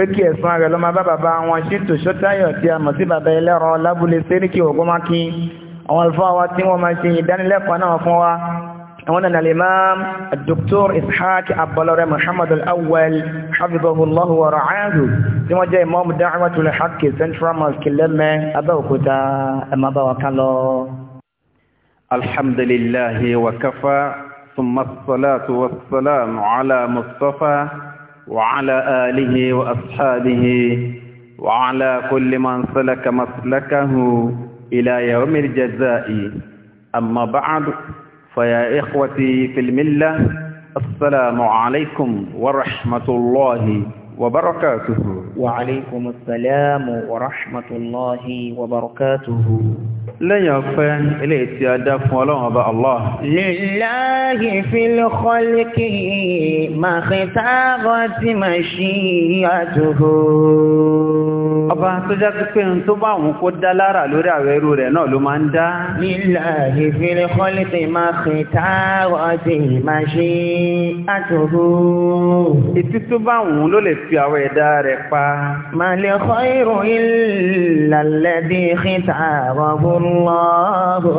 pé kí ẹ̀sùn rẹ̀ ló máa bá bàbá wọn ṣètò ṣọ́tayọ̀ tí a mọ̀ sí bàbá ẹlẹ́rọ lábúlé sẹ́ríkì ògbómákin àwọn alfáà wa tí wọ́n máa ṣe ìdánilẹ́kọ̀ọ́ náà fún wa àwọn náà al-imam dr ishaq abbalore muhammad al-awwal hafizahullahu wa ra'ahu tí wọ́n jẹ́ imam da'watul haqq central mosque lẹ́mẹ́ وعلى آله وأصحابه وعلى كل من سلك مسلكه إلى يوم الجزاء أما بعد فيا إخوتي في الملة السلام عليكم ورحمة الله وبركاته وعليكم السلام ورحمة الله وبركاته لن يغفن إليه سيادة فولون أبا الله لله في الخلق ما خطابة مشيئته ọba tó já sí pé tó bá òun kó dá lára lórí àwẹ̀ irú rẹ̀ náà ló máa ń dá. lílà ìfìlẹ̀ kọ́lẹ́tì máa fi táàrọ̀ ti máa ṣe àtòrò. ìtí tó bá òun ló lè fi àwọ̀ ẹ̀dá rẹ̀ pa. màá lè kọ́ ìròyìn lálẹ́bí fi táàrọ̀ fún lọ́rọ̀.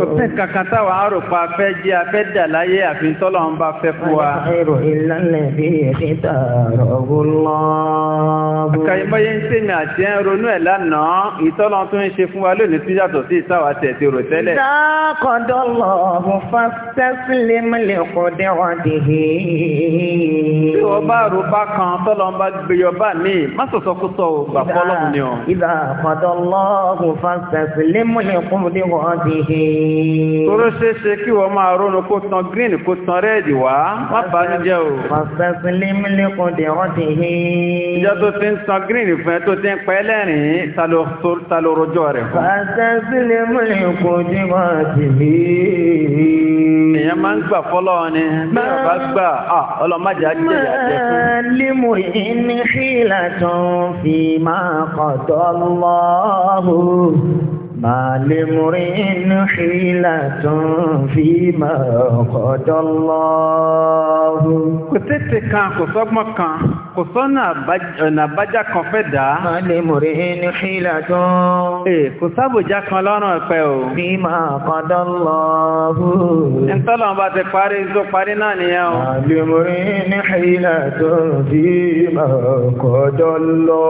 kò kankan táwa á rò pa afẹ́ jẹ́ afẹ́ dà láyé àfi tọ́lọ́ ń bá fẹ́ fún wa. màá lè kọ́ ìròyìn lálẹ́bí fi táàrọ̀ fún lọ́rọ̀. àkàyèmọ́yé ń tèmi àti ẹ̀ ń ẹ̀ lánàá ìtọ́nà tó ń ṣe fún wa lónìí tó yàtọ̀ sí ìsáwà tẹ̀ ti rò tẹ́lẹ̀. dákọ̀dọ̀ lọ mo fa sẹ́sílẹ̀ mẹ́lẹ̀ kọ́ dẹ́wọ̀n dèhè. tí wọ́n bá rò bá kan tọ́lọ́ o. ìdákọ̀dọ̀ lọ mo green kó tan red wá má o. fa sẹ́sílẹ̀ mẹ́lẹ̀ kọ́ dẹ́wọ̀n dèhè. ìjọ tó ti ń tan green fún ẹ tó ti ń pẹ́ lẹ́rìn-ín talorojọ́ rẹ̀ fún. fàtẹ́sílẹ̀ mọ̀lẹ́ kò ní wọ́n ti rí. èèyàn máa ń gbà fọ́lọ́ ni bí wọ́n bá gbà ọlọ́mọdé ajé yà jẹ fún. limu ní kílà tó ń fi máa kọ̀tọ́ lọ́hùn. ما لامرئ حيلة فيما قضى الله. kò tètè kan kò sọ́gbọ́n kan kò sọ́nà àbájá kan fẹ́ dáa. máa lè múrí ní ṣílá tó. ee kò sábòjá kan lọ́rùn ẹ̀pẹ́ o. bí máa kọ́dọ̀ lọ hù. ìtọ́lọ̀ bá ti parí tó parí náà nìyẹn o. máa lè múrí ní ṣílá tó bí máa kọ́dọ̀ lọ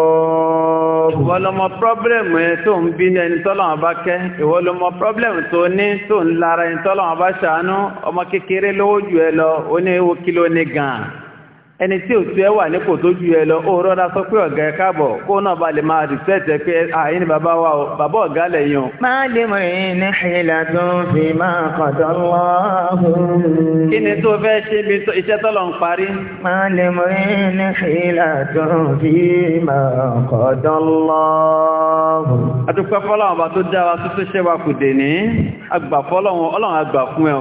hù. ìwọ ló mọ pọ́blẹ́mù ẹ tó ń bí ẹni tọ́lọ̀ bá kẹ́ ìwọ ló mọ pọ́blẹ́mù tó ní tó ń lára ẹni tọ́lọ̀ bá ṣàánú ọmọ kékeré lówó jù ẹ lọ ó ní ewu kí ló ní gan-an ẹni tí ò tí ẹ wà nípò tó ju ẹ lọ ó rọ́dá sọ pé ọ̀gá ẹ káàbọ̀ kó náà bá lè máa rìsẹ́ẹ̀tẹ̀ pé àyín ni bàbá wa o bàbá ọ̀gá lẹ́yìn o. máa lè mọ èyí ní ìlà tó fi máa kọ̀dọ̀ lọ́hùn. kí ni tó fẹ́ ṣe bí iṣẹ́ tọ́lọ̀ ń parí. máa lè mọ èyí ní ìlà tó fi máa kọ̀dọ̀ lọ́hùn. àdúpẹ́ fọlọ́run ọba tó dá wa tuntun ṣe wa kùdè ní àgbà fọlọ́run ọlọ́run àgbà fún ẹ̀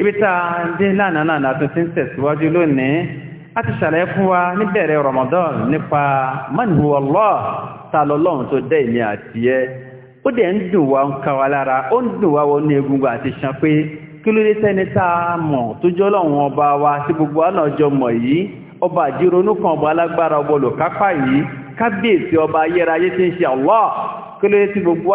ibi tá a dé lánàá náà látún ti ń tẹ̀síwájú lónìí a ti ṣàlàyé fún wa níbẹ̀rẹ̀ Ramadan nípa ta lọ́lọ́run tó dẹ́ ìní àti ẹ́ ó dẹ̀ ń dùn wa ń ká wa lára ó ń dùn wa ní egungun àti ṣan pé a mọ̀ tó jọ́ ọba wa gbogbo ọba ọba alágbára ọba ọba ayérayé ń ṣe kí ló dé tí gbogbo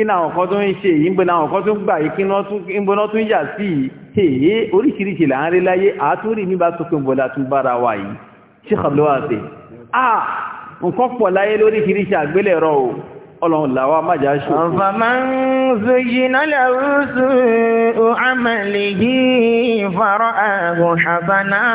kí náà ọ̀kan tó ń ṣe yìí ń bọ́ náà ọ̀kan tó ń gbà yìí kí ń bọ́ náà tó ń yà sí yìí oríṣiríṣi là ń rí láyé àtúrí mi bá sókè ń bọ́lá tún bára wa yìí ṣe kàlọ́wà sí à nǹkan pọ̀ láyé lóríṣiríṣi àgbélẹ̀rọ ọlọ́run làwa májà ṣòfò زين له سوء عمله فرآه حسنا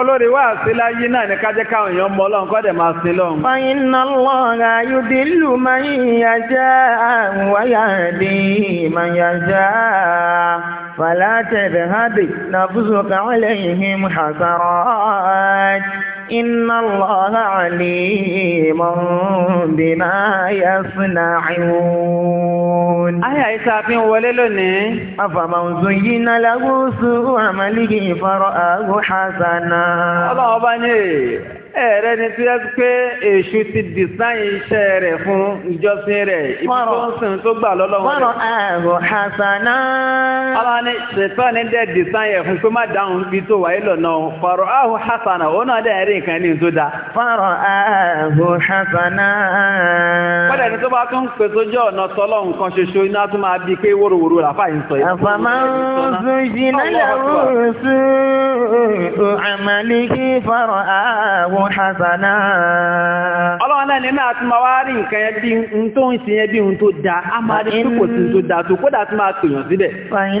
olórí wá sí láyé náà ní kájẹ́ káwọn èèyàn mọ ọlọ́run kọ́ dẹ̀ máa sin lọ́run. فإن الله يضل من يشاء ويهدي من يشاء فلا تذهب نفسك عليهم حسرات إن الله عليم بما يصنعون آية إسافين وللوني أفمن زين له سوء عمله فرآه حسنا الله بني ẹ̀rẹ́ ni tí ẹ pé èṣù ti dìsáyìn iṣẹ́ rẹ̀ fún ìjọsìn rẹ̀ ìbúkọ́sìn tó gbà lọ́lọ́wọ́ rẹ̀. wọ́n ààrùn ọlọ́run ní ṣètọ́ ní dẹ́ dìsáyìn ẹ̀fún pé má dáhùn bí tó wáyé lọ́nà fọ̀rọ̀ ààrùn hasana òun náà dẹ̀ rí nǹkan ní tó dáa. fọ̀rọ̀ ààrùn hasana. kọ́dà ni tó bá tún pè sójú ọ̀nà tọ́lọ́ nǹkan ṣoṣo iná tún máa bí pé wóróworó làfáàyè hasana. ọlọ́run náà nínú àti máa wá rí nǹkan bí n tó ń ṣe bí tó da a máa rí tó kódà tí máa tòyàn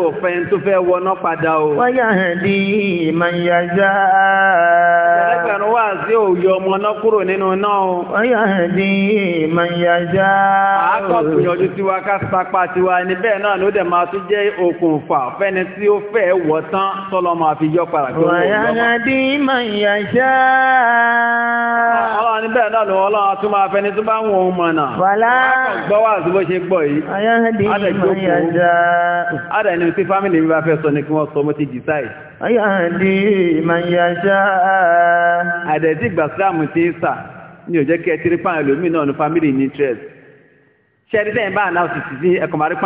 ò fẹ́ tó fẹ́ wọná padà o. wọ́n yà hàn dí ìmọ̀ ìyájá. ẹgbẹ̀rún wà sí òye ọmọ náà kúrò nínú náà o. wọ́n yà hàn dí ìmọ̀ ìyájá. àákọ́ gbìyànjú tiwa ká sapá tiwa ni bẹ́ẹ̀ náà ló dẹ̀ máa tún jẹ́ okùnfà fẹ́ni tí ó fẹ́ wọ̀ tán tọ́lọ́ máa fi yọ padà. wọ́n yà hàn dí ìmọ̀ ìyájá. ọlọ́run bẹ́ẹ̀ náà ló ọlọ́run tún máa fẹ́ni tó bá ń wọ̀ ọ́n ẹni tí fámílì mi bá fẹ́ sọ ní kí wọ́n sọ mọ́ ti decide. ọyá àdí ìmọ̀nyàṣá. family in interest. ṣẹ́rí tẹ́yìn bá àná òsì sí ẹkọ̀ máa rí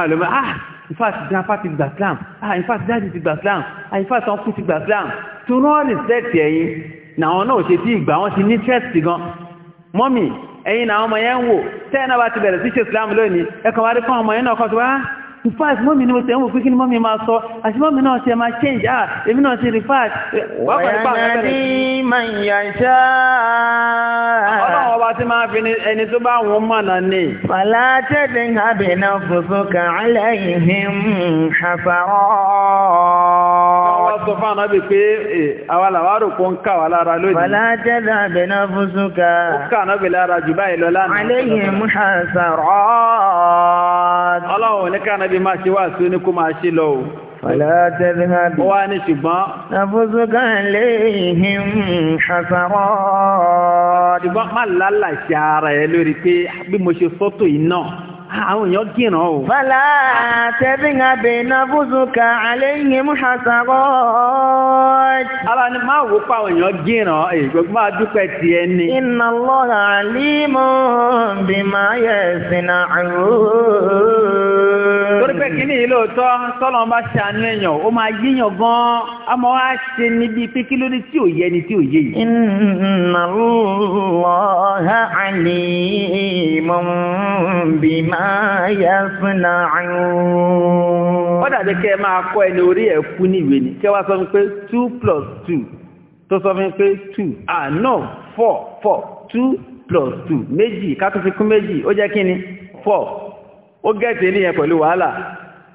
ah in fact dan apá ti gbà slam ah in fact dáàdì ti gbà slam ah in fact wọn kú ti gbà slam tí wọ́n respect ẹ̀yin náà náà ṣe tí interest gan mọ́mì ẹ̀yin náà ọmọ yẹn ń wò tẹ́yìn náà bá ti bẹ̀rẹ̀ sí ṣe slam lónìí ẹkọ̀ máa rí pààlù ọmọ yẹn náà rifat mọ́mí ni mo tẹ̀ ń wò pé kí ni mọ́mí máa sọ àti mọ́mí náà ṣe máa change ah èmi náà ṣe rifat ọba tí máa fi ẹni tó bá wọn mọ̀nà náà fòsókà wá sọ fún ànábì pé àwàlàwárò kó ń ká wà lára lónìí. Wàlá jẹ́dà àbẹ̀nà fún súnkà. Ó ká ànábì lára jù báyìí lọ lánàá. Àléyìn mú ṣàṣàrọ̀. Ọlọ́run ní ká ànábì máa ṣe wá sí ó ní kó máa ṣe lọ o. Wàlá jẹ́dà àbẹ̀nà. Ó wá ní àwọn èèyàn gìnà o. fàlà tẹ́bí ń abẹ iná fúnṣùkà àléyìn mùsàkọ́. ara ni máa wò pa àwọn èèyàn gìnà ìgbẹ́gbẹ́ máa dúpẹ́ ti ẹ ní. iná lọ́la àlímọ̀ bí máa yẹ ẹ̀sìn àrùn. torí pé kí ni ìlóòótọ́ tọ́lọ́ bá ṣàánú èèyàn ó máa yíyàn gan-an a máa wá ṣe níbi pé kí ló ní tí ò yẹ ni tí ò yé yìí. iná lọ́la àlímọ̀ bí máa yasna'un. ó dàbí kẹ́ ẹ máa kọ́ ẹni orí ẹ̀ kú ní ìwé ni kẹ́ wá sọ fún pé two plus two tó sọ fún pé two ah no four four two plus two méjì ká tó fi kún méjì ó jẹ́ kí ni four ó gẹ̀ẹ́sì ní yẹn pẹ̀lú wàhálà.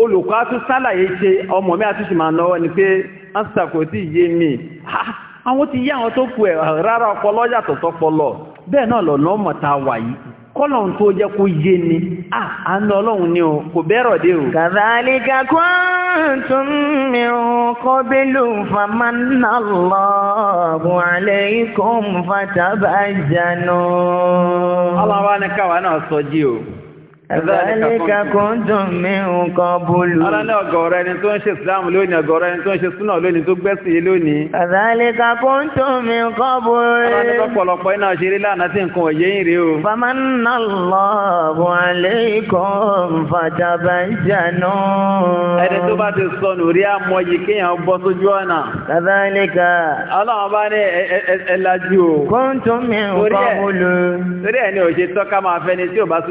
olùkọ́ á tún sálàyé ṣe ọmọ mi àtúnṣe máa náwọ́ ni pé ánsà kò tí yé mi àwọn ti yá àwọn tó ẹ̀ rárá ọpọlọ yàtọ̀ tọpọlọ bẹ́ẹ̀ náà lọ̀nà ọmọta wà yìí kọ́lọ̀n tó jẹ́ kó yé ni ni o kò bẹ́rọ̀ dé o. ní o. Ẹ̀bálẹ́ka kan dùn mí nǹkan bólú. Ara ní ọ̀gọ̀ọ̀rọ̀ ẹni tó ń ṣe ìsìláàmù lónìí, ọ̀gọ̀ọ̀rọ̀ ẹni tó ń ṣe súnà lónìí tó gbẹ́sìn lónìí. Ẹ̀bálẹ́ka kan dùn mí nǹkan bólú. Ara ní ọ̀pọ̀lọpọ̀ iná ṣeré lánàá tí nǹkan òye yín rèé o. Famanna Allahu alaykum fatabayyanu. Ẹni tó bá ti sọnù rí àmọ̀yì kéèyàn bọ́ sójú ọ̀nà. Ẹ̀bálẹ́ka. ni òṣètọ́ ká máa fẹ́ni tí ò bá sí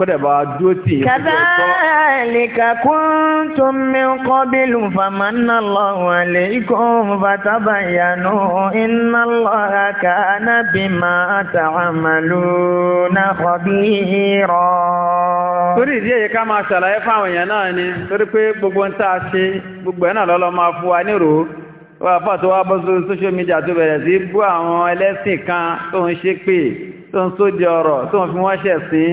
kọ́dẹ̀ bá dúró tì í. kadhalika kuntum min qabilu famanna Allahu alaykum fatabayyanu inna Allaha kana bima ta'maluna khabira. torí ìdí èyí ká máa ṣàlàyé fáwọn èèyàn náà ni torí pé gbogbo ń tá ṣe gbogbo ẹ̀ náà lọ́lọ́ máa fún wa nírò wọ́n àfà tó bọ́ sórí social media tó bẹ̀rẹ̀ sí bú àwọn ẹlẹ́sìn kan tó ń ṣépè tó ń sóde ọ̀rọ̀ tó ń fi wọ́n ṣẹ̀sìn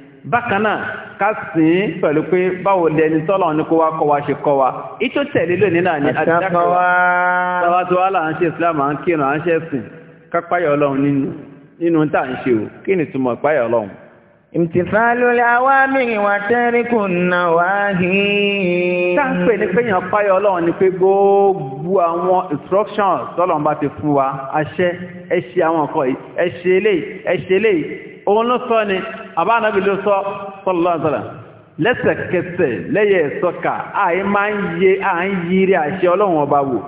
bákanáà ká sìn pẹ̀lú pé báwo lẹni tọ́lọ̀ ní kó wá kọ́ wa ṣe kọ́ wa ìtò tẹ̀lé lónìí náà ni àdákọ̀wá tàwátọ́wá là ń ṣe islam à ń kírun à ń ṣe sìn kápáyọ̀ ọlọ́run nínú tá à ń ṣe o kí ni túmọ̀ páyọ̀ ọlọ́run. ìmtìfàlù awamiri wa tẹ́ríkù nàwáhì. tá à ń pè ní pé èèyàn páyọ̀ òun sọ ni àbánábì a sọ sọ́lọ́sọ́lá lẹ́sẹ̀kẹsẹ̀ lẹ́yẹ ẹ̀sọ́ka àyí máa ń yé à ń àṣẹ ọlọ́run ọba wò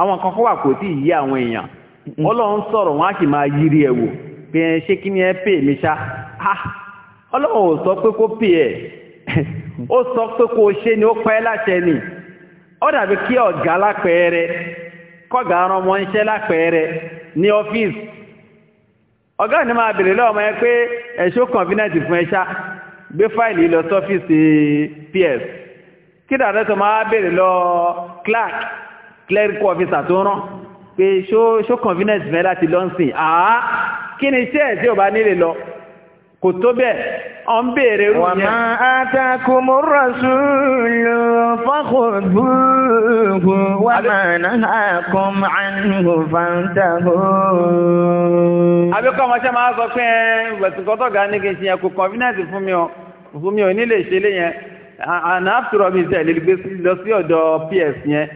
àwọn kan yi kò tí yí àwọn èèyàn mm-hmm. ọlọ́run sọ̀rọ̀ wọn á sì máa wò pé ẹ ṣé kí ni ẹ pè mí ṣá ọlọ́run ò sọ pé kó pè ẹ̀ ó sọ ni ó pẹ́ láṣẹ ni ó dàbí kí ọ̀gá lápẹẹrẹ kọ́gà ọmọ iṣẹ́ lápẹẹrẹ ọ̀gá ni máa bèèrè lọ́ọ̀mọ́ ẹ pé ẹ̀ṣọ́ kọ̀ǹfínẹ́ǹtì fún ẹṣá gbé fáìlì lọ sọ́fíìsì ps kí dàdẹ́ tó máa bèèrè lọ clark clerical officer tó rán pé ṣó kọ̀ǹfínẹ́ǹtì fún ẹ láti lọ́nsìn àá kí ni iṣẹ́ ẹ̀ tí ò bá nílè lọ kò tó bẹ́ẹ̀ ọ̀n bèèrè rú yẹn. wà máa àtàkùnmù rọ̀sùlù fọ́kùnbùkù wà máa náà kùn àánú fàntàkù. abẹ́kọ̀ ọmọṣẹ́ máa sọ pé ìwẹ̀sùnkọ́tọ̀ ga ní kí n ṣe yẹn kò kọ́fínẹ́ǹsì fún mi ò fún mi ò ní lè ṣe yẹn àná àfúrọ̀ mi ṣe lè lọ sí ọ̀dọ̀ ps yẹn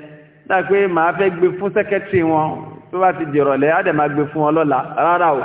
dáa pé màá fẹ́ gbé fún sẹ́kẹ́tì wọn tó bá ti dìrọ̀lẹ́ á dẹ̀ máa gbé fún wọn lọ́la rárá o.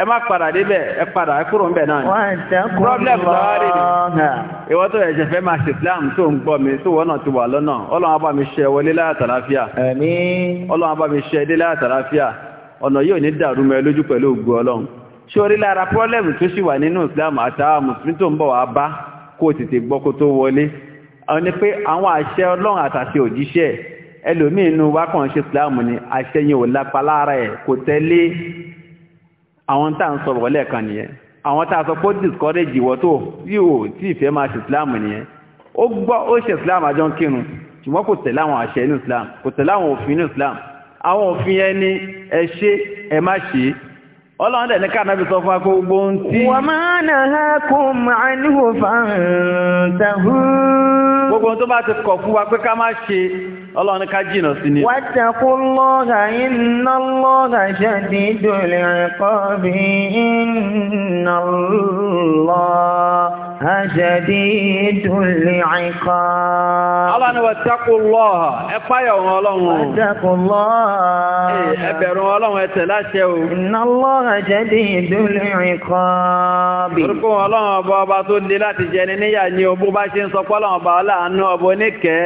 ẹ má padà débẹ̀ ẹ padà ẹ kúrò ńbẹ̀ náà ni problem lọ́wọ́rì ni ìwọ́n tó ẹ̀jẹ̀ fẹ́ máa ṣe Islam tó ń gbọ́ mi tó wọ́n ti wà lọ́nà Ọlọ́run á mi ṣe wọlé láyàtàláfíà Ọlọ́run á mi ṣe dé láyàtàláfíà ọ̀nà yóò ní dàrú mẹ́ lójú pẹ̀lú ògùn Ọlọ́run ṣé orí lára problem tó sì wà nínú Islam àtàwọn mùsùlùmí tó ń bọ̀ wá bá kó tètè gbọ́ kó tó wọlé àwọn ni pé àwọn àṣẹ Ọlọ́run àtàṣe òjíṣẹ́ ẹlòmíín nu wákàn ṣe Islam ni àṣẹ yẹn ò lápá lára ẹ̀ kò tẹ́lé àwọn tá à ń sọ bọ̀ lẹ́ẹ̀kan nìyẹn àwọn tá a sọ pé discourage ìwọ tó yóò tí ìfẹ́ máa ṣe islam nìyẹn ó gbọ́ ó ṣe islam àjọ ń kírun ṣùgbọ́n kò tẹ̀lé àwọn àṣẹ inú islam kò tẹ̀lé àwọn òfin inú islam àwọn òfin yẹn ni ẹ ṣe ẹ má ṣe ọlọ́run dẹ̀ ní káànábì sọ fún akó gbogbo ohun tí wà máa nà ha kó máa níhò fàǹtàhù gbogbo ohun tó bá ti kọ̀ fún wa pé ká má ṣe ọlọ́run ká jìnà sí ni. wattaqullaha innallaha shadidul iqabi innallaha shadidul iqabi. ọlọ́run wattaqullaha ẹ páyà wọn ọlọ́run. wattaqullaha. ẹ bẹ̀rù ọlọ́run ẹ tẹ̀lé àṣẹ o. innallaha shadidul iqabi. ọba ọba tó dé láti jẹ ní níyà ni o bá ṣe ń sọ pé ọba ọlá àánú ọba oníkẹ́.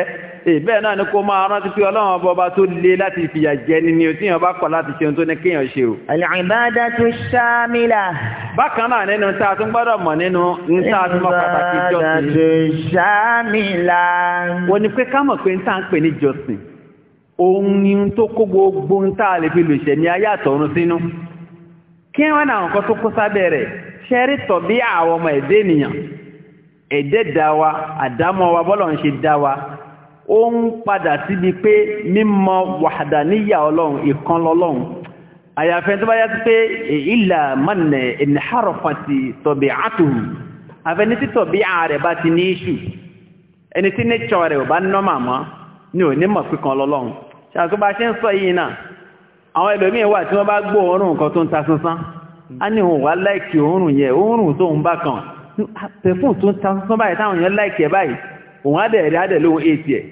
Eh, bẹ́ẹ̀ náà ni kó máa rántí pé ọlọ́run ọba ọba tó lé láti fìyà jẹ ni ni o tí yàn bá kọ̀ láti ṣe ohun tó ní kéèyàn ṣe o. àlìbádá tó ṣámìlà. bákan nínú tá a tún gbọ́dọ̀ mọ̀ nínú ní tún mọ̀ pàtàkì ẹ̀dẹ́ ènìyàn ẹ̀dẹ́ wa àdámọ́ wa bọ́lọ̀ ń ṣe dá wa ó ń padà síbi pé mímọ̀ wàhàdàníyà ọlọ́run ìkan lọ́lọ́run àyàfẹ́ tó bá yá ti pé ìlà mọ́nà ìnìhàrọ̀fàtì tọ̀bí àtùhù àfẹ́ni tí tọ̀bí ààrẹ bá ti ní iṣù ẹni tí nature rẹ̀ ò bá nọ́mà mọ́ ní òní mọ̀ píkan lọ́lọ́run ṣàkó bá ṣe ń sọ yìí náà àwọn ẹlòmíín wà tí wọ́n bá gbọ́ òórùn nǹkan tó ń ta sánsán á ní òun wá láìkì òórùn yẹ òórùn tó ń òun adẹ̀rẹ̀ adẹ̀lẹ̀ òun èsì ẹ̀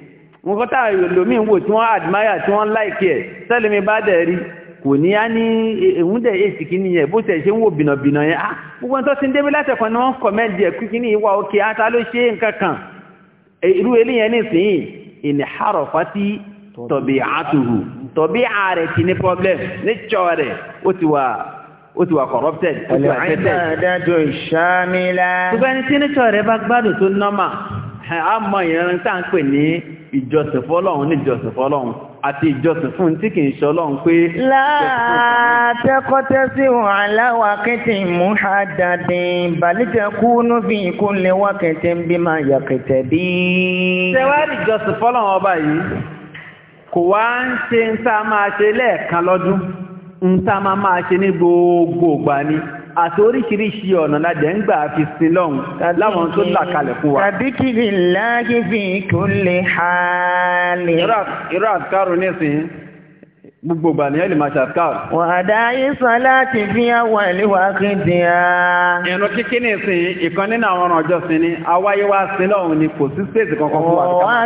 wọn kọ́ta lómi wò tí wọ́n admire tí wọ́n like ẹ̀ sẹ́lẹ̀mí bá dẹ̀rí kò ní á ní èhún dẹ̀ èsì kí nìyẹn bó tẹ̀ ṣe ń wò bìnàbìnà yẹn á ah, gbogbo ń tọ́ sí débí ni wọ́n kọ̀mẹ́ǹdì ẹ̀ kí problem ní tsọ́ rẹ̀ ó ti wà ó ti wà corrupted ó ti wà tẹ́tẹ́. ẹ̀lẹ́ tí ní tsọ́ bá gbádùn tó nọ́mà a mọ ìran tá ń pè ní ìjọsìn fọ́lọ́run ní ìjọsìn fọ́lọ́run àti ìjọsìn fún tí kìí ṣọlọ́run pé látẹ́kọ́tẹ́ sí aláwà kẹtì mú àdàdìn bàlíjẹ kú ní fi bí máa yà bí. tẹwárí ìjọsìn fọ́lọ́run àti oríṣiríṣi ọ̀nà ládẹ̀ ń gbà fi sin lọ́hun láwọn tó làkalẹ̀ fún wa. tàbíkìrì láàyè fi kò lè ha lè. irú àtúkárò nísìnyí gbogbo ìgbà ní ẹ̀lì máa ṣàkáà. wà á dá ìsọ láti fi àwọn ìlúwà kìdì á. kíkí ní ìsìn ìkan nínú àwọn ọ̀rọ̀ ọjọ́ sí ni awáyé wá sí lọ́hùn ni kò sí stéètì kankan fún wa. wà á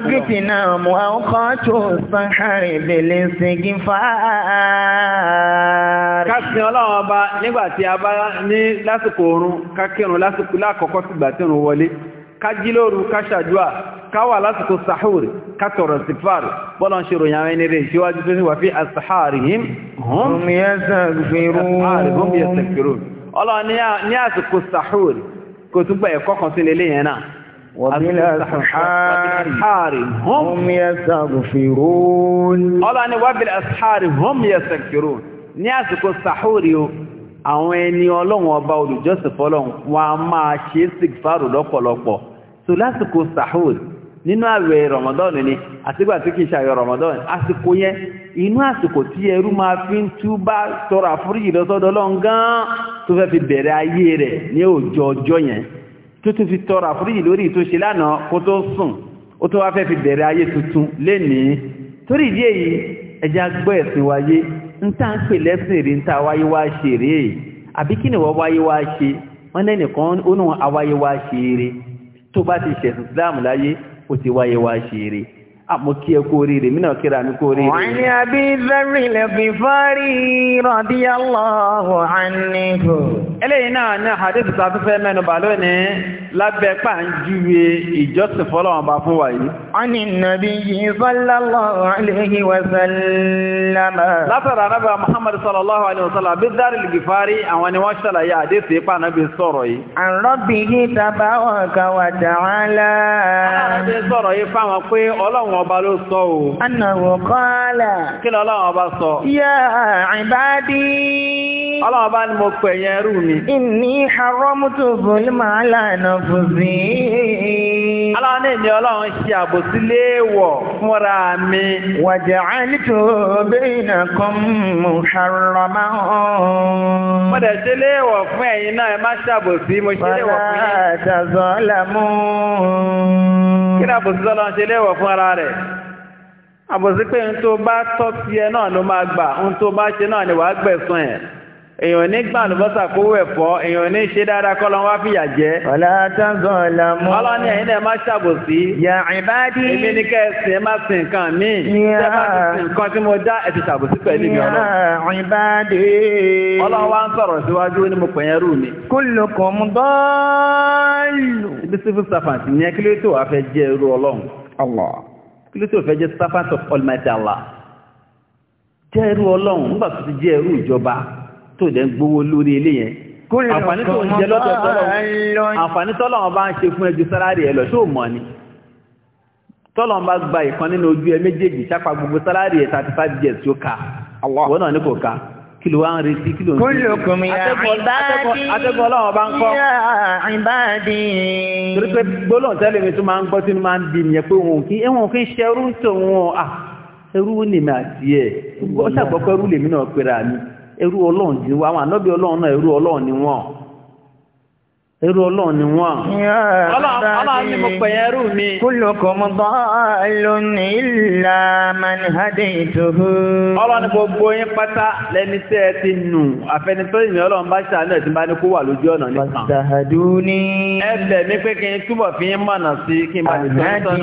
náà mú àwọn kan tó sáhárì ìbèlè ṣègì fáárì. kásìn ọlọ́run ọba nígbà tí a bá ní lásìkò oorun ká kírun lásìkò lákọ̀ọ́kọ́ kájílóru káṣàdúà káwà lásìkò sahur kátọ̀rọ̀ sífàr bọ́lá ń ṣe ròyìn àwọn ẹni rẹ̀ síwájú tó wà fí asaharihim hum yastaghfirun ọlọ́ ní àsìkò sahur kò tún gbà ẹ̀kọ́ kan sí lélẹ̀ yẹn ní wàbílẹ̀ asaharihim àwọn ẹni ọlọ́run ọba olùjọ́sìn fọ́lọ́run wọn a máa ṣe sígfàrò lọ́pọ̀lọpọ̀ so lásìkò sahud nínú àwẹ̀ rọmọdọ́ọ̀nù ni àtìgbà tí kìí ṣàyọ̀ rọmọdọ́ọ̀nù àsìkò yẹn inú àsìkò tí ẹrú máa fi ń túbá tọrọ àforíjì lọ́sọ́dọ̀ Ọlọ́run gan tó fẹ́ fi bẹ̀rẹ̀ ayé rẹ̀ ní òjò ọjọ́ yẹn tó tún fi tọrọ àforíjì lórí tó ṣe lánàá kó tó sùn ó tó wá fẹ́ fi bẹ̀rẹ̀ ayé tuntun lénìí torí ìdí èyí ẹja gbọ́ ẹ̀sìn wáyé ń tá ń pè lẹ́sìn rí ń tá wáyé wá ṣe rí èyí àbí kí ni wọ́n wáyé wá ṣe wọ́n lẹ́nìkan ó nù awáyé wá ṣe rí tó bá ti ṣẹ̀sìn Islam láyé ó ti wáyé wá ṣe rí àmọ́ ah, kí ẹ kó rí rẹ̀ mínà kíra ní kó rí rẹ̀. wọ́n ní àbí zẹ́rì lẹ́fì fárí rọ̀dí aláhùn àníhù. eléyìí náà ní àdéhùn tó mẹ́nu bà lónìí lábẹ́ pà ń júwe ìjọsìn fọ́lọ́wọ́n bá fún wa yìí. wọ́n sallallahu alayhi wa muhammad sallallahu alayhi wa sallam bí zẹ́rì lẹ́fì fárí àwọn ni wọ́n ṣàlàyé àdéhùn ipa nàbí sọ̀rọ̀ yìí. àrọ́bì yìí tabaraka wa ta'ala. àwọn àdéhùn sọ̀rọ̀ yìí fáwọn pé ọlọ́run ọlọ́run ọba ló sọ o. Anàwò kọ́lá. Kí lọ ọlọ́run ọba sọ? Yá ìbádí. Ọlọ́run ọba ni mo pè rú mi. Ìní àrọ́mútò bòlí màálà náà fòsí aláwọn ènìyàn ọlọ́run ṣe àbòsí léèwọ̀ fúnra mi. wàjà àìlítò bẹ́ẹ̀nà kan mú ṣàrọ̀mà hàn. mo dẹ̀ ṣe léèwọ̀ fún ẹ̀yin náà ẹ má ṣàbòsí mo ṣe léèwọ̀ fún yín. bàbá àtàzọ́ làmú. kí ni àbòsí sọ́lọ́ ṣe léèwọ̀ fún ara rẹ̀? àbòsí pé ń tó bá tọ́ sí ẹ náà ló máa gbà ń tó bá ṣe náà ni wàá gbẹ̀sán ẹ̀ èèyàn ní gbà lùbọ́sà kó wẹ̀ fọ́ èèyàn ní ṣe dáadáa kọ́ lọ wá fìyà jẹ́. ọ̀la tánzọ̀ la mú. ọlọ́ ni ẹ̀yin náà máa ṣàbòsí. yà ìbádí. èmi ní kẹ́ ẹ sìn ẹ má sìn nǹkan mi. yà nǹkan tí mo dá ẹ ti ṣàbòsí pẹ̀lú mi ọlọ́. yà ìbádí. ọlọ́run wá ń sọ̀rọ̀ síwájú ní mo pẹ̀yẹ́ rù mi. kullukum dallu. ibi civil servant ìyẹn kí ló tó wàá jẹ́ irú ọlọ́run. Allah. kí tó dẹ̀ gbówó lórí ilé yẹn àǹfààní tó bá ń ṣe fún ẹjú sálárì ẹ lọ ṣó mọ̀ ni tọ́lọ̀ bá gba ìkan nínú ojú ẹ méjèèjì sápa gbogbo sálárì ẹ thirty years tó ka wọn náà ní kò ka kí ló wá ń retí kí ló ń retí atẹ́gùn bá ń kọ́ ẹrú ọlọ́run ti wá wọn ànábì ọlọ́run náà ẹrú ọlọ́run ni wọ́n Irú ọlọ́run ni wọ́n. Ọlọ́run ni mo pẹ̀yẹ rú mi. Kullukum dhalun illa man hadaytuhu. Ọlọ́run ni gbogbo yín pátá lẹni tẹ́ ẹ ti nù. Àfẹnitọ́ ìyìn ọlọ́run bá ṣàánú ẹ̀ tí bá ní kó wà lójú ọ̀nà nìkan. Bàtàdú ni. pé kí n túbọ̀ fi yín mọ̀nà sí kí n bá lè tọ́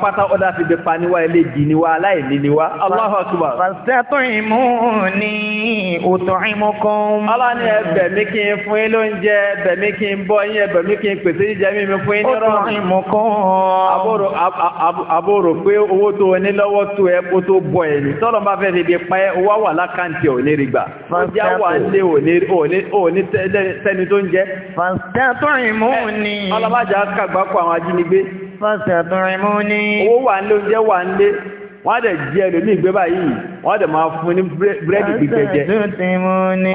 pátá ọ̀dá ti bẹ̀pa níwá ilé jì níwá aláìní níwá Allahu Akbar. fàṣẹ́tún ìmú ni òtò ìmú kan. aláàní ẹbẹ̀ mi kí n fún yín lóúnjẹ ẹbẹ̀ mi kí n bọ́ yín ẹbẹ̀ mi kí n pèsè jíjẹ mímu fún yín nírọ̀. òtò ìmú kan. àbòrò pé owó tó ní lọ́wọ́ tó ẹ kó tó bọ̀ ẹ̀ ní tọ́lọ́ bá fẹ́ fi pa ẹ owó wà lákàntì ò ní rí gbà. ìmú ni. fọ́sẹ̀bùrìmúní. owó wà ń lé oúnjẹ wà ń lé wọ́n á dẹ̀ jẹ́ ẹlòmíì gbé báyìí wọ́n á dẹ̀ máa fún ní búrẹ́dì gbígbẹ jẹ.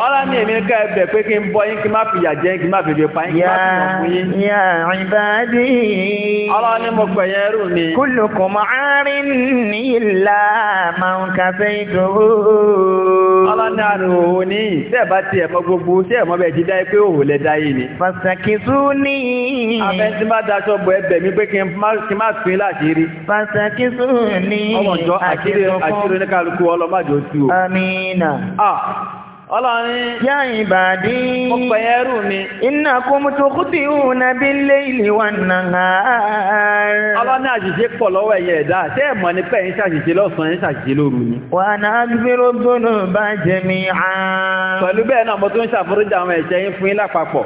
ọlá ní èmi ká ẹbẹ̀ pé kí n bọ́ yín kí n má fìyà jẹ kí n má fìyà pa yín kí n má fìyà fún yín. yà mo yẹn rù mí. ọlọ́ni àrùn òun ní ìṣẹ́ẹ̀bá ti ẹ̀mọ́ gbogbo tí ẹ̀mọ́ bẹ̀ jídá pé òwò lẹ dáyé ni. pàtàkì tún ní. abẹ́ntí má daṣọ bọ̀ ẹbẹ̀ mi pé kí n má pín láṣìírí. pàtàkì tún ní. ọmọ ìjọ àṣírí oníkálukú ọlọ́mọdé ó o. amina. ah ọlọ́ni yá ìbàdí ọpẹ̀yẹrù mi iná kó mú tó kú tí ó nàbí lé ilé wa nàá ọlọ́ni àṣìṣe pọ̀ lọ́wọ́ ẹ̀yẹ ẹ̀dá ṣé ẹ̀mọ̀ ní pẹ́ yín ṣàṣìṣe lọ́sàn yín ṣàṣìṣe lóru ni wà náà gbéró gbóná bá jẹ mi àá pẹ̀lú bẹ́ẹ̀ náà mo tún ṣàforíjà àwọn ẹ̀ṣẹ̀ yín fún yín lápapọ̀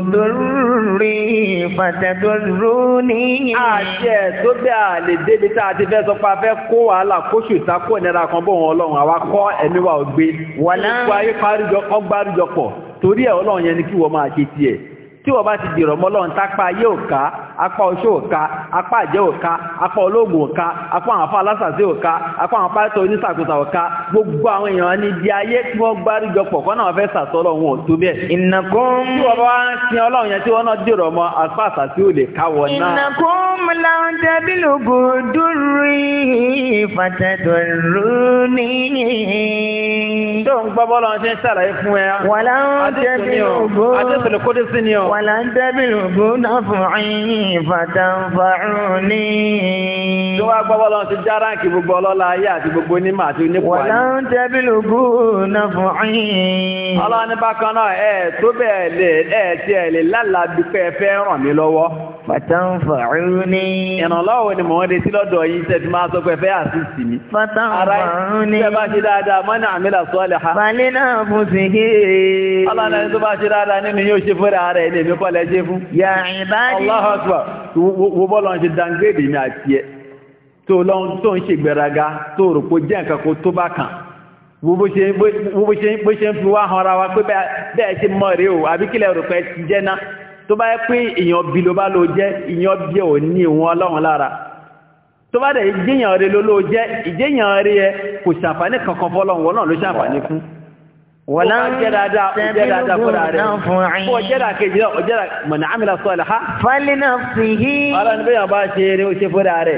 dúrúrí fàtẹ̀dúrúní. àti ẹ̀ tó bẹ́ à lè débi tá a ti fẹ́ sọ pé a fẹ́ kó wàhálà kó ṣùtá kó nira kan bóun ọlọ́run àwa kọ́ ẹ̀mí wa ò gbé. wọ́n náà wọ́n ayé parí jọ kọ́ gbárùjọpọ̀ torí ẹ̀ ọlọ́run yẹn ni kí wọ́n máa ṣe tiẹ̀ tí wọ́n bá ti dìrọ̀ mọ́ lọ́n tápá ayé òka apá oṣó òka apá àjẹ́ òka apá ológun òka apá àwọn afá alásàsí òka apá àwọn pátó onísàkóso òka gbogbo àwọn èèyàn ní di ayé tí wọ́n gbárùjọ pọ̀ kọ́nà wọn fẹ́ sàtọ́lọ̀ wọn ò tó bẹ́ẹ̀. ìnàkún tí wọ́n bá ń sin ọlọ́run yẹn tí wọ́n náà dìrọ̀ mọ́ apá àsàsí ò lè ká wọn náà. ìnàkún làwọn wàlá dẹ́bìrì búná fún ẹ̀yìn fàtàǹfààrùní. tó wá gbọ́ bọ́lọ́ ti já ráǹkì gbogbo ọlọ́lá ayé àti gbogbo onímọ̀ àti onípò ayé. wàlá dẹ́bìrì búná fún ẹ̀yìn. ọlọ́run bákan náà ẹ̀ tó bẹ́ẹ̀ lè ẹ̀ tiẹ̀ lè lálàá dúpẹ́ fẹ́ ràn mí lọ́wọ́ fatanfa'uni. ìrànlọ́wọ́ ni mò ń retí lọ́dọ̀ yìí tẹ́ fi máa sọ pé fẹ́ àṣìṣì mi. fatanfa'uni. tẹ́ bá ṣe dáadáa mọ́nà àmìlà sọ́ọ̀lẹ̀ ha. falẹ́ náà fún sí i. aláàlá ni tó bá ṣe dáadáa nínú yóò ṣe fúnra rẹ̀ ní èmi kọ́lẹ̀ ṣe fún. yà ìbádìí. Allahu akbar wo bọ́ọ̀lù ọ̀hún ṣe dangrèdè mi àti ẹ̀ tó ń ṣe ìgbéraga tó rò pé jẹ́ nǹkan kó tó bá kàn bó ṣe ń fi wá hanra wa pé bẹ́ẹ̀ ṣe mọ̀ rí o àbí rò pé jẹ́ náà tó bá yẹ pé èèyàn bí ló bá ló jẹ́ èèyàn bí ò ní ìwọ̀n ọlọ́run lára tó bá dẹ̀ ìjéyàn rẹ̀ ló ló jẹ́ ìjéyàn rẹ̀ kò ṣàǹfààní kankan fọ́lọ́run náà ló ṣàǹfààní fún ولن من عمل صالحا فلنفسه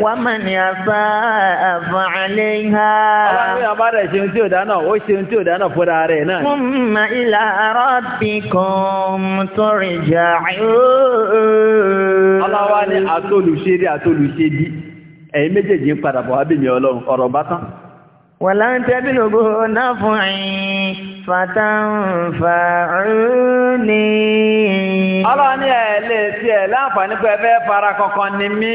ومن يساء فعليها ثم إلى ربكم ترجعون الله واني أتولو شيري أتولو شيدي أي مجيجين قربوا أبي ميولون قرباتان wọ̀lá ń tẹ́ bílògbò náà fún ẹ̀yìn fàtàǹfà ní. ẹ̀ lè tiẹ̀ láǹfààní pé ẹ fẹ́ fara kankan ni mí.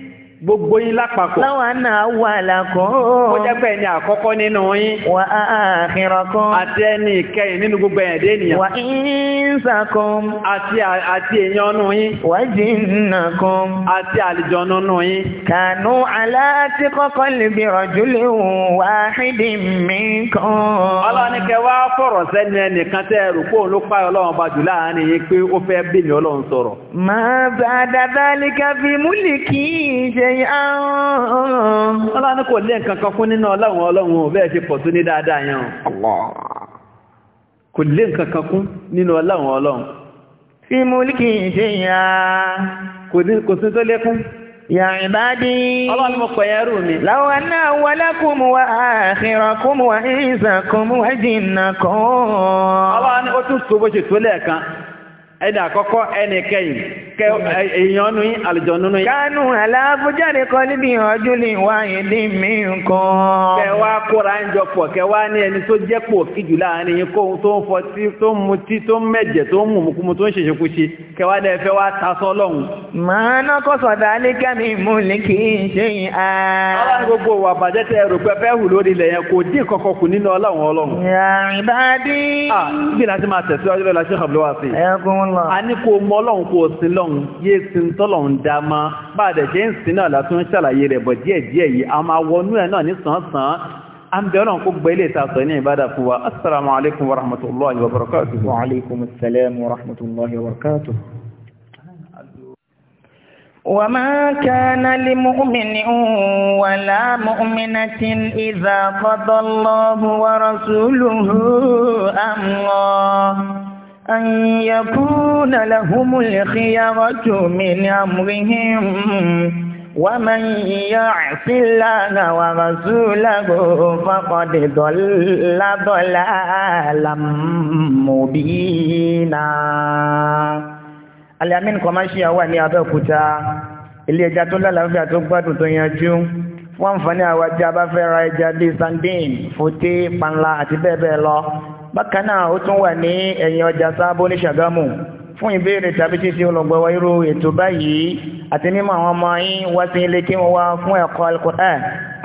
gbogbo yín lápapọ̀. láwọn àna wà lákọ́. ó jẹ́ pé ẹni àkọ́kọ́ nínú yín. wà á àkìrọ̀ kan. àti ẹni ìkẹyìn nínú gbogbo ẹ̀yàn dé nìyàn. wà ínsà kan. àti àti èèyàn nù yín. wà jìnnà kan. àti àlejò nínú yín. kànú aláàtí kọ́kọ́ lè bí rọ̀júlẹ̀ wà áhídì mí kan. ọlọ́ni kẹ wá fọ̀rọ̀ sẹ́ni ẹnìkan tẹ́ rò pé ló pa ọlọ́run bá jù láàrin yín pé ó fẹ́ bí ọlọ́run sọ̀rọ̀. má bàdàdà lè شيئا ọlọ́run ní kò lé nǹkan kan fún nínú ọlọ́run ọlọ́run bẹ́ẹ̀ ti pọ̀ tó ní dáadáa yẹn kò lé nǹkan kan kún nínú ọlọ́run ọlọ́run fi múlìkì ṣe yá kò sí tó lékún ya ibadi ọlọ́run mo pẹ̀yẹ rù mi láwọn náà walakum wa wa jinnakum ọlọ́run ó tún so bó ṣe tó kẹ èèyàn nu yín àlùjọ nínú yín. kánú aláfojújáde kan níbi ìrànjú lè wá ìdí mi kan. kẹ wá kóra ń jọ pọ̀ kẹ wá ní ẹni tó jẹ́ pò kíjù láàrin yín kóhun tó ń fọtí tó ń mutí tó ń mẹ̀jẹ̀ tó ń mùmùkúmu tó ń ṣèṣekúṣe kẹ wá dẹ́ fẹ́ wá tasọ́ lọ́hùn. màá ná kó sọ̀dà alékẹ́mi mú ní kí n ṣe yín á. ọlọ́run gbogbo wà bàjẹ́ tẹ ẹrù pẹ́ fẹ́ hù lórí ilẹ̀ yẹn kò dín kankan kù nínú ọlọ́run ọlọ́run yé sin tọ́lọ̀un dá ma bá dẹ̀ jẹ́ ń sin náà látún ṣàlàyé rẹ̀ bọ̀ díẹ̀ díẹ̀ yìí a máa wọnú ẹ̀ náà ní sàn-án a ń bẹ ọlọ́run kó gbẹ́ ilé ìta ní ìbádà fún wa assalamu alaikum wa rahmatullahi wa barakatuh wa alaikum assalam wa rahmatullahi wa barakatuh وما كان لمؤمن ولا مؤمنة إذا قضى الله ورسوله أمرا أن يكون لهم الخيرة من أمرهم ومن يعص الله ورسوله فقد ضل ضلالا مبينا Al-Amin commercial wà ní Abẹ́òkúta ilé ẹja tó lálàáfíà tó gbádùn tó yanjú wọ́n ń fọ́ ní àwọn ajá bá fẹ́ ra ẹja bíi sandine fòté panla àti bẹ́ẹ̀ bẹ́ẹ̀ lọ bákan náà ó tún wà ní ẹ̀yìn ọjà sábó ní ṣàgámù fún ìbéèrè tàbí ṣíṣe olùgbọ̀wọ́ irú ètò báyìí àti mímọ̀ àwọn ọmọ yín wá sí ilé kí wọ́n wá fún ẹ̀kọ́ Al-Qur'an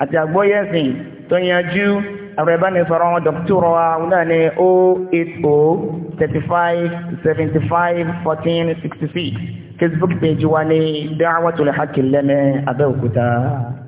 àti àgbóyẹ̀sìn tó yanjú ẹ̀rọ dọ̀kítọ̀rọ̀ wa ní 080 Facebook page wa ní Da'watul Haqq Lẹ́mẹ̀ Abẹ́òkúta.